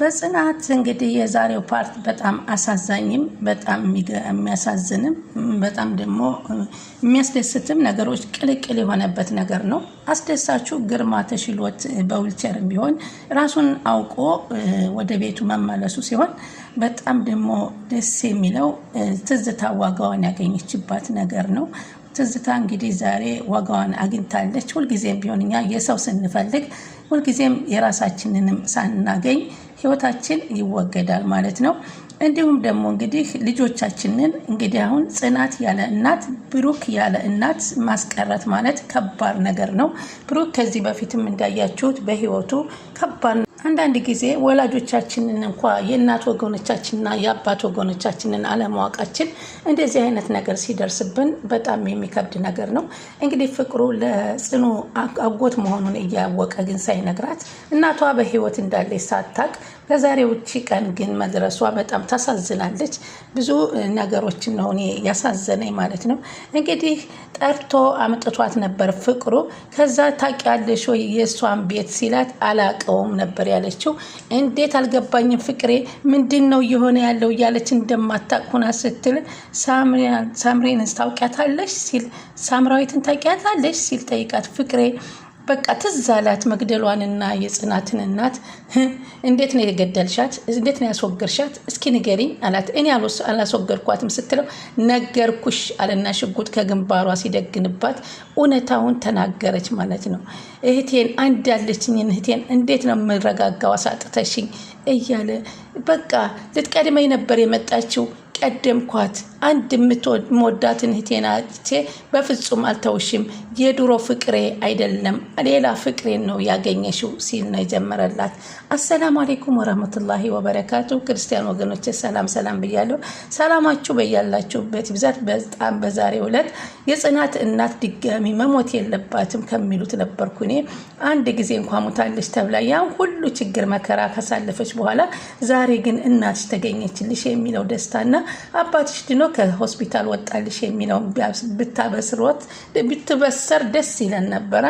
በጽናት እንግዲህ የዛሬው ፓርት በጣም አሳዛኝም በጣም የሚያሳዝንም በጣም ደግሞ የሚያስደስትም ነገሮች ቅልቅል የሆነበት ነገር ነው። አስደሳችሁ ግርማ ተሽሎት በዊልቸር ቢሆን ራሱን አውቆ ወደ ቤቱ መመለሱ ሲሆን በጣም ደግሞ ደስ የሚለው ትዝታ ዋጋዋን ያገኘችባት ነገር ነው። ትዝታ እንግዲህ ዛሬ ዋጋዋን አግኝታለች። ሁልጊዜም ቢሆን እኛ የሰው ስንፈልግ ሁልጊዜም የራሳችንንም ሳናገኝ ህይወታችን ይወገዳል ማለት ነው። እንዲሁም ደግሞ እንግዲህ ልጆቻችንን እንግዲህ አሁን ጽናት ያለ እናት፣ ብሩክ ያለ እናት ማስቀረት ማለት ከባድ ነገር ነው። ብሩክ ከዚህ በፊትም እንዳያችሁት በህይወቱ ከባድ አንዳንድ ጊዜ ወላጆቻችንን እንኳ የእናት ወገኖቻችንና የአባት ወገኖቻችንን አለማወቃችን እንደዚህ አይነት ነገር ሲደርስብን በጣም የሚከብድ ነገር ነው። እንግዲህ ፍቅሩ ለጽኑ አጎት መሆኑን እያወቀ ግን ሳይነግራት እናቷ በሕይወት እንዳለች ሳታቅ ለዛሬ ከዛሬዎቹ ቀን ግን መድረሷ በጣም ታሳዝናለች። ብዙ ነገሮችን ነው እኔ ያሳዘነኝ ማለት ነው። እንግዲህ ጠርቶ አምጥቷት ነበር ፍቅሩ። ከዛ ታውቂያለሽ ወይ የእሷን ቤት ሲላት አላቀውም ነበር ያለችው። እንዴት አልገባኝም ፍቅሬ፣ ምንድን ነው እየሆነ ያለው እያለች እንደማታቁና ስትል ሳምሪን ታውቂያታለሽ ሲል ሳምራዊትን ታውቂያታለሽ ሲል ጠይቃት ፍቅሬ በቃ ትዝ አላት መግደሏንና የጽናትን እናት እንዴት ነው የገደልሻት? እንዴት ነው ያስወገርሻት? እስኪ ንገሪኝ አላት። እኔ አላስወገርኳትም ስትለው ነገርኩሽ አለና ሽጉጥ ከግንባሯ ሲደግንባት እውነታውን ተናገረች ማለት ነው። እህቴን አንድ ያለችኝን እህቴን እንዴት ነው የምረጋጋው? አሳጥተሽኝ እያለ በቃ ልትቀድመኝ ነበር የመጣችው ቀደምኳት። አንድ የምወዳትን እህቴን አጥቼ በፍጹም አልተውሽም። የድሮ ፍቅሬ አይደለም ሌላ ፍቅሬን ነው ያገኘሽው ሲል ነው የጀመረላት። አሰላሙ አሌይኩም ወረህመቱላሂ ወበረካቱ። ክርስቲያን ወገኖች ሰላም ሰላም ብያለሁ። ሰላማችሁ በያላችሁበት ብዛት። በጣም በዛሬው ዕለት የጽናት እናት ድጋሚ መሞት የለባትም ከሚሉት ነበርኩ እኔ። አንድ ጊዜ እንኳ ሙታለች ተብላ ያን ሁሉ ችግር መከራ ካሳለፈች በኋላ ዛሬ ግን እናትሽ ተገኘችልሽ የሚለው ደስታና አባትሽ ድኖ ከሆስፒታል ወጣልሽ የሚለው ብታበስሮት ብትበሰር ደስ ይለን ነበረ።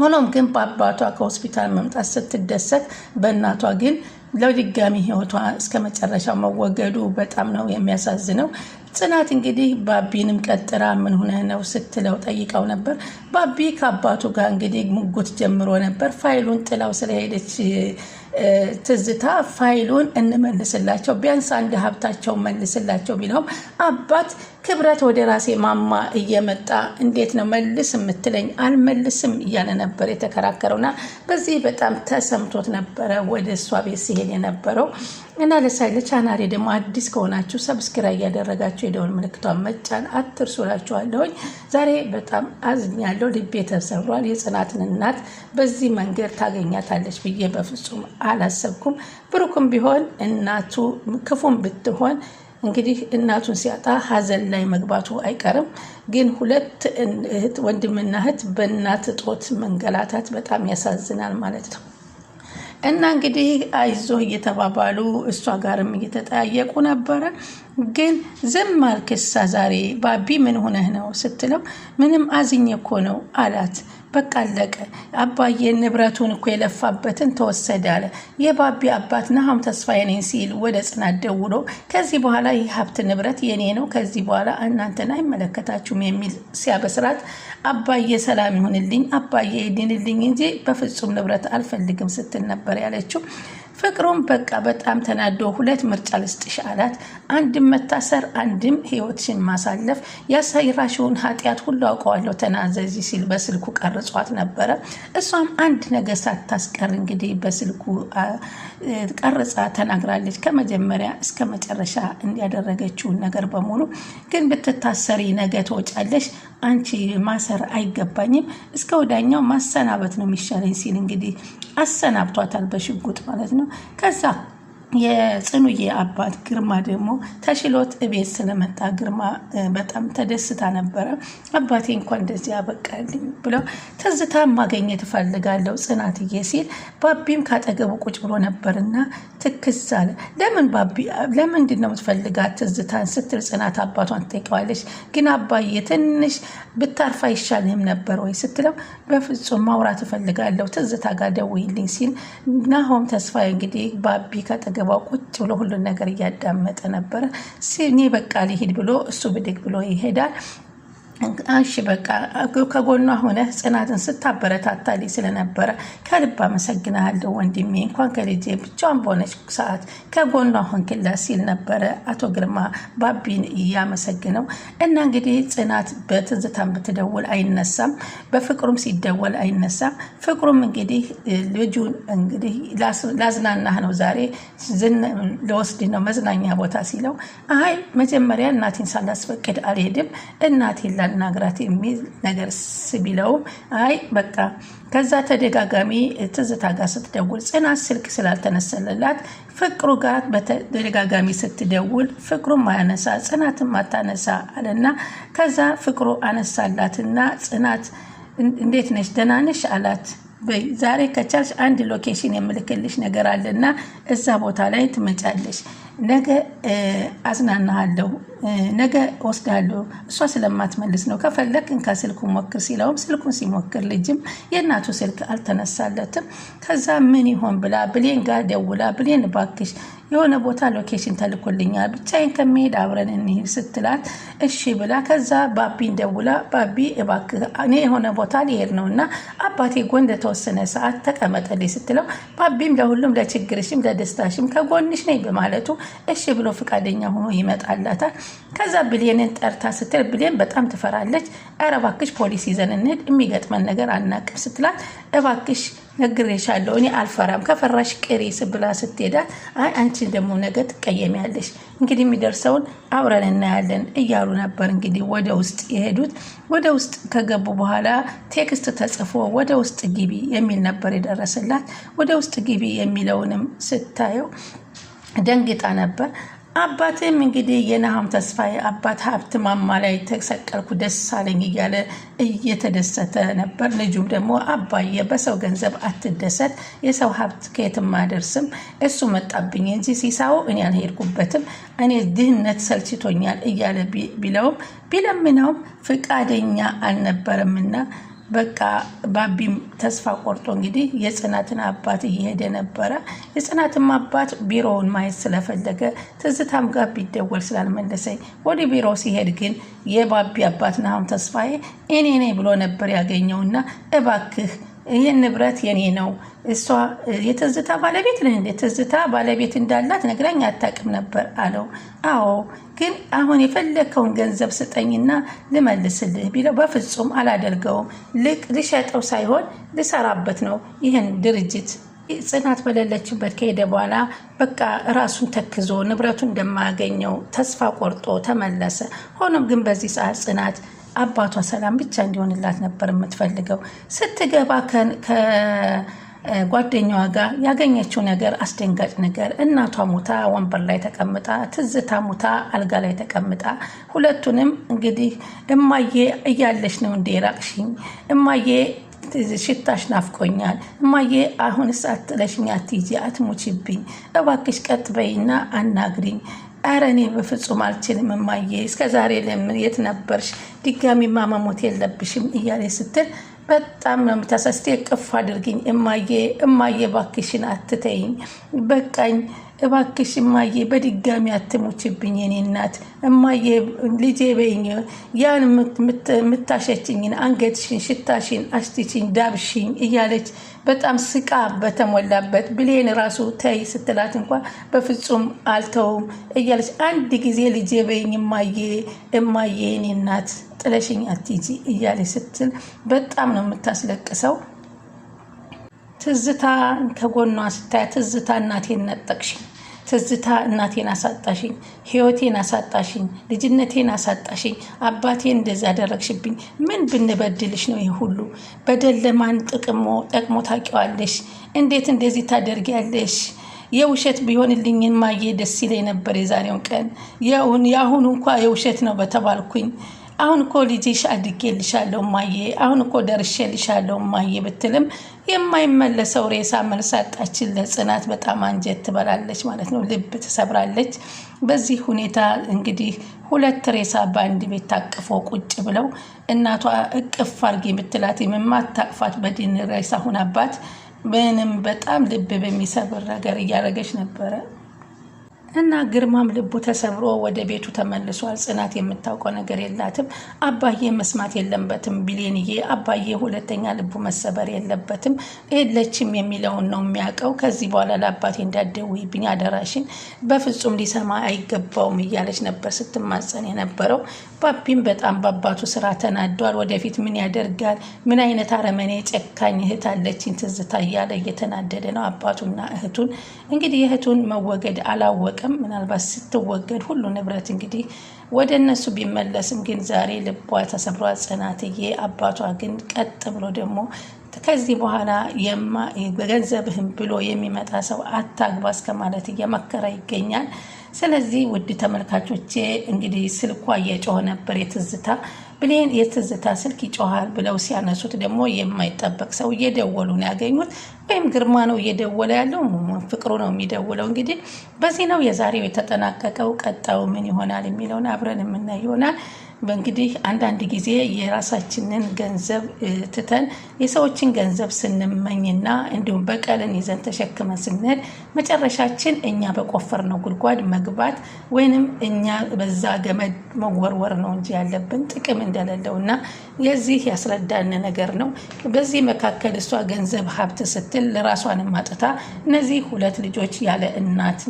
ሆኖም ግን በአባቷ ከሆስፒታል መምጣት ስትደሰት፣ በእናቷ ግን ለድጋሚ ህይወቷ እስከ መጨረሻው መወገዱ በጣም ነው የሚያሳዝነው። ጽናት እንግዲህ ባቢንም ቀጥራ ምን ሆነ ነው ስትለው ጠይቀው ነበር። ባቢ ከአባቱ ጋር እንግዲህ ሙጉት ጀምሮ ነበር። ፋይሉን ጥላው ስለሄደች ትዝታ ፋይሉን እንመልስላቸው፣ ቢያንስ አንድ ሀብታቸው መልስላቸው ቢለውም አባት ክብረት ወደ ራሴ ማማ እየመጣ እንዴት ነው መልስ የምትለኝ? አልመልስም እያለ ነበር የተከራከረውና በዚህ በጣም ተሰምቶት ነበረ ወደ እሷ ቤት ሲሄድ የነበረው እና ለሳይ ለቻናሌ ደግሞ አዲስ ከሆናችሁ ሰብስክራይብ እያደረጋችሁ የደወል ምልክቷን መጫን አትርሱ እላችኋለሁኝ። ዛሬ በጣም አዝኛለሁ፣ ልቤ ተሰብሯል። የጽናትን እናት በዚህ መንገድ ታገኛታለች ብዬ በፍጹም አላሰብኩም። ብሩክም ቢሆን እናቱ ክፉም ብትሆን እንግዲህ እናቱን ሲያጣ ሀዘን ላይ መግባቱ አይቀርም። ግን ሁለት እህት ወንድምና እህት በእናት እጦት መንገላታት በጣም ያሳዝናል ማለት ነው። እና እንግዲህ አይዞ እየተባባሉ እሷ ጋርም እየተጠያየቁ ነበረ። ግን ዝም አልክሳ ዛሬ ባቢ ምን ሆነህ ነው ስትለው ምንም አዝኜ እኮ ነው አላት። በቃ አለቀ። አባዬ ንብረቱን እኮ የለፋበትን ተወሰደ አለ። የባቢ አባት ናሆም ተስፋዬ ነኝ ሲል ወደ ጽናት ደውሎ ከዚህ በኋላ ይህ ሀብት ንብረት የኔ ነው፣ ከዚህ በኋላ እናንተን አይመለከታችሁም የሚል ሲያበስራት አባዬ ሰላም ይሁንልኝ፣ አባዬ ይድንልኝ እንጂ በፍጹም ንብረት አልፈልግም ስትል ነበር ያለችው። ፍቅሩም በቃ በጣም ተናዶ ሁለት ምርጫ ልስጥሽ አላት። አንድም መታሰር፣ አንድም ህይወትሽን ማሳለፍ። ያሳይራሽውን ኃጢአት ሁሉ አውቀዋለሁ ተናዘዚ ሲል በስልኩ ቀርጿት ነበረ። እሷም አንድ ነገር ሳታስቀር እንግዲህ በስልኩ ቀርጻ ተናግራለች። ከመጀመሪያ እስከ መጨረሻ ያደረገችውን ነገር በሙሉ ግን ብትታሰሪ ነገ ትወጫለሽ አንቺ ማሰር አይገባኝም፣ እስከ ወዳኛው ማሰናበት ነው የሚሻለኝ ሲል እንግዲህ አሰናብቷታል በሽጉጥ ማለት ነው ከዛ የጽኑዬ አባት ግርማ ደግሞ ተሽሎት እቤት ስለመጣ ግርማ በጣም ተደስታ ነበረ። አባቴ እንኳን እንደዚህ ያበቃልኝ ብለው ትዝታ ማገኘት እፈልጋለሁ ጽናትዬ ሲል ባቢም ካጠገቡ ቁጭ ብሎ ነበርና ትክስ አለ። ለምን ባቢ ለምንድን ነው የምትፈልጋት ትዝታን ስትል ጽናት አባቷን ትጠይቀዋለች። ግን አባዬ ትንሽ ብታርፍ አይሻልህም ነበር ወይ ስትለው በፍጹም ማውራት እፈልጋለሁ ትዝታ ጋር ደውይልኝ ሲል ናሆም ተስፋዬ እንግዲህ ባቢ ከጠገ አጠገቧ ቁጭ ብሎ ሁሉን ነገር እያዳመጠ ነበረ። እኔ በቃ ሊሄድ ብሎ እሱ ብድግ ብሎ ይሄዳል። እሺ በቃ ከጎኗ ሆነ ጽናትን ስታበረታታልኝ ስለነበረ ከልብ አመሰግናለሁ ወንድሜ። እንኳን ከልጄ ብቻዋን በሆነች ሰዓት ከጎኗ ሆንክላት ሲል ነበረ አቶ ግርማ ባቢን እያመሰግነው እና እንግዲህ ጽናት በትዝታም ብትደውል አይነሳም፣ በፍቅሩም ሲደወል አይነሳም። ፍቅሩም እንግዲህ ልጁን እንግዲህ ላዝናናህ ነው ዛሬ ለወስድ ነው መዝናኛ ቦታ ሲለው አይ መጀመሪያ እናቴን ሳላስፈቅድ አልሄድም እናቴ ላናግራት የሚል ነገር ስቢለውም አይ በቃ ከዛ ተደጋጋሚ ትዝታ ጋር ስትደውል ጽናት ስልክ ስላልተነሰለላት ፍቅሩ ጋር በተደጋጋሚ ስትደውል ፍቅሩም ማያነሳ ጽናትም ማታነሳ አለና ከዛ ፍቅሩ አነሳላትና ጽናት እንዴት ነሽ ደህና ነሽ አላት። በይ ዛሬ ከቻልሽ አንድ ሎኬሽን የምልክልሽ ነገር አለና እዛ ቦታ ላይ ትመጫለሽ ነገ አዝናናሃለሁ፣ ነገ ወስዳለሁ። እሷ ስለማትመልስ ነው ከፈለግ እንካ ስልኩ ሞክር ሲለውም ስልኩን ሲሞክር ልጅም የእናቱ ስልክ አልተነሳለትም። ከዛ ምን ይሆን ብላ ብሌን ጋር ደውላ ብሌን ባክሽ የሆነ ቦታ ሎኬሽን ተልኮልኛል፣ ብቻዬን ከሚሄድ አብረን እንሂድ ስትላት እሺ ብላ ከዛ ባቢን ደውላ ባቢ እባክህ እኔ የሆነ ቦታ ሊሄድ ነው እና አባቴ ጎን ለተወሰነ ሰዓት ተቀመጠልኝ ስትለው ባቢም ለሁሉም ለችግርሽም ለደስታሽም ከጎንሽ ነኝ በማለቱ እሺ ብሎ ፈቃደኛ ሆኖ ይመጣላታል። ከዛ ብሌንን ጠርታ ስትል ብሌን በጣም ትፈራለች። ኧረ እባክሽ ፖሊስ ይዘን እንሂድ የሚገጥመን ነገር አናቅም ስትላት እባክሽ ነግሬሻለሁ፣ እኔ አልፈራም። ከፈራሽ ቅሪ ስብላ ስትሄዳ አይ አንቺ ደግሞ ነገ ትቀየሚያለሽ፣ እንግዲህ የሚደርሰውን አብረን እናያለን እያሉ ነበር። እንግዲህ ወደ ውስጥ የሄዱት ወደ ውስጥ ከገቡ በኋላ ቴክስት ተጽፎ ወደ ውስጥ ግቢ የሚል ነበር የደረሰላት። ወደ ውስጥ ግቢ የሚለውንም ስታየው ደንግጣ ነበር። አባትም እንግዲህ የነሃም ተስፋዬ አባት ሀብት ማማ ላይ ተሰቀልኩ ደስ አለኝ እያለ እየተደሰተ ነበር። ልጁም ደግሞ አባዬ በሰው ገንዘብ አትደሰት፣ የሰው ሀብት ከየትም አደርስም፣ እሱ መጣብኝ እንጂ ሲሳው እኔ አልሄድኩበትም፣ እኔ ድህነት ሰልችቶኛል እያለ ቢለውም ቢለምነውም ፍቃደኛ አልነበረምና በቃ ባቢም ተስፋ ቆርጦ እንግዲህ የጽናትን አባት እየሄደ ነበረ። የጽናትም አባት ቢሮውን ማየት ስለፈለገ ትዝታም ጋር ቢደወል ስላልመለሰኝ ወደ ቢሮ ሲሄድ ግን የባቢ አባት ናሁን ተስፋዬ እኔ ነኝ ብሎ ነበር ያገኘውና እባክህ ይህን ንብረት የኔ ነው። እሷ የትዝታ ባለቤት ነህ? የትዝታ ባለቤት እንዳላት ነግራኝ አታውቅም ነበር አለው። አዎ፣ ግን አሁን የፈለግከውን ገንዘብ ስጠኝና ልመልስልህ ቢለው በፍጹም አላደርገውም፣ ልቅ ልሸጠው ሳይሆን ልሰራበት ነው ይህን ድርጅት ጽናት በሌለችበት ከሄደ በኋላ በቃ ራሱን ተክዞ ንብረቱ እንደማያገኘው ተስፋ ቆርጦ ተመለሰ። ሆኖም ግን በዚህ ሰዓት ጽናት አባቷ ሰላም ብቻ እንዲሆንላት ነበር የምትፈልገው። ስትገባ ከጓደኛዋ ጋር ያገኘችው ነገር አስደንጋጭ ነገር፣ እናቷ ሙታ ወንበር ላይ ተቀምጣ፣ ትዝታ ሙታ አልጋ ላይ ተቀምጣ፣ ሁለቱንም እንግዲህ እማዬ እያለች ነው እንደ ራቅሽኝ እማዬ ሽታሽ ናፍቆኛል እማዬ፣ አሁን ሳትለሽኝ አትሂጂ፣ አትሙችብኝ፣ እባክሽ ቀጥ በይና አናግሪኝ አረ እኔ በፍጹም አልችልም እማዬ፣ እስከ ዛሬ ለምን የት ነበርሽ? ድጋሚ ማመሞት የለብሽም እያለ ስትል በጣም ነው የምታሳስቴ። ቅፍ አድርግኝ እማዬ፣ እማዬ እባክሽን አትተይኝ፣ በቃኝ እባክሽ እማዬ፣ በድጋሚ አትሙችብኝ የኔ እናት እማዬ፣ ልጄ በይኝ። ያን የምታሸችኝን አንገትሽን፣ ሽታሽን፣ አሽትሽን፣ ዳብሽኝ እያለች በጣም ስቃ በተሞላበት ብሌን ራሱ ተይ ስትላት እንኳ በፍጹም አልተውም እያለች አንድ ጊዜ ልጄ በይኝ እማዬ እማዬ የኔ እናት ጥለሽኝ አትሂጂ እያለች ስትል በጣም ነው የምታስለቅሰው። ትዝታ ከጎኗ ስታያ ትዝታ እናቴን ነጠቅሽኝ ትዝታ እናቴን አሳጣሽኝ፣ ህይወቴን አሳጣሽኝ፣ ልጅነቴን አሳጣሽኝ፣ አባቴን እንደዚ ያደረግሽብኝ፣ ምን ብንበድልሽ ነው ይህ ሁሉ በደል? ለማን ጥቅሞ ጠቅሞ ታውቂዋለሽ? እንዴት እንደዚህ ታደርጊያለሽ? የውሸት ቢሆንልኝ ማየ ደስ ይለኝ ነበር የዛሬውን ቀን። የአሁኑ እንኳ የውሸት ነው በተባልኩኝ አሁን እኮ ልጄሽ አድጌልሻለሁ ማየ፣ አሁን እኮ ደርሼ ደርሼልሻለሁ ማየ ብትልም የማይመለሰው ሬሳ መልስ አጣችለት። ጽናት በጣም አንጀት ትበላለች ማለት ነው፣ ልብ ትሰብራለች። በዚህ ሁኔታ እንግዲህ ሁለት ሬሳ በአንድ ቤት ታቅፎ ቁጭ ብለው እናቷ እቅፍ አርጊ ብትላት የምማታቅፋት በድን ሬሳ ሁናባት ምንም በጣም ልብ በሚሰብር ነገር እያደረገች ነበረ። እና ግርማም ልቡ ተሰብሮ ወደ ቤቱ ተመልሷል። ጽናት የምታውቀው ነገር የላትም። አባዬ መስማት የለበትም ቢሌንዬ፣ አባዬ ሁለተኛ ልቡ መሰበር የለበትም የለችም የሚለውን ነው የሚያውቀው። ከዚህ በኋላ ለአባቴ እንዳትደውይብኝ አደራሽን፣ በፍጹም ሊሰማ አይገባውም እያለች ነበር ስትማጸን የነበረው። ባቢም በጣም በአባቱ ስራ ተናዷል። ወደፊት ምን ያደርጋል? ምን አይነት አረመኔ ጨካኝ እህት አለችኝ ትዝታ እያለ እየተናደደ ነው አባቱና እህቱን። እንግዲህ እህቱን መወገድ አላወቀ አይታወቅም። ምናልባት ስትወገድ ሁሉ ንብረት እንግዲህ ወደ እነሱ ቢመለስም ግን ዛሬ ልቧ ተሰብሯ ጽናትዬ፣ አባቷ ግን ቀጥ ብሎ ደግሞ ከዚህ በኋላ ገንዘብህን ብሎ የሚመጣ ሰው አታግባ እስከማለት እየመከረ ይገኛል። ስለዚህ ውድ ተመልካቾቼ እንግዲህ ስልኳ እየጮኸ ነበር የትዝታ ብሌን የትዝታ ስልክ ይጮኋል ብለው ሲያነሱት ደግሞ የማይጠበቅ ሰው እየደወሉ ነው ያገኙት። ወይም ግርማ ነው እየደወለ ያለው ፍቅሩ ነው የሚደውለው። እንግዲህ በዚህ ነው የዛሬው የተጠናቀቀው። ቀጣዩ ምን ይሆናል የሚለውን አብረን የምናይ ይሆናል። በእንግዲህ አንዳንድ ጊዜ የራሳችንን ገንዘብ ትተን የሰዎችን ገንዘብ ስንመኝና እንዲሁም በቀልን ይዘን ተሸክመን ስንሄድ መጨረሻችን እኛ በቆፈርነው ጉድጓድ መግባት ወይንም እኛ በዛ ገመድ መወርወር ነው እንጂ ያለብን ጥቅም እንደሌለው እና የዚህ ያስረዳን ነገር ነው። በዚህ መካከል እሷ ገንዘብ ሀብት ስትል ለራሷንም አጥታ እነዚህ ሁለት ልጆች ያለ እናት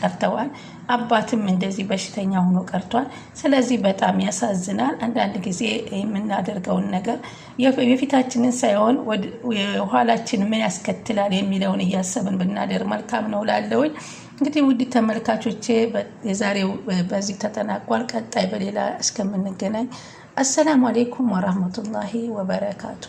ቀርተዋል። አባትም እንደዚህ በሽተኛ ሆኖ ቀርቷል። ስለዚህ በጣም ያሳዝናል። አንዳንድ ጊዜ የምናደርገውን ነገር የፊታችንን ሳይሆን የኋላችን ምን ያስከትላል የሚለውን እያሰብን ብናደር መልካም ነው ላለውኝ እንግዲህ ውድ ተመልካቾቼ የዛሬው በዚህ ተጠናቋል። ቀጣይ በሌላ እስከምንገናኝ አሰላሙ አሌይኩም ወራህመቱላሂ ወበረካቱ።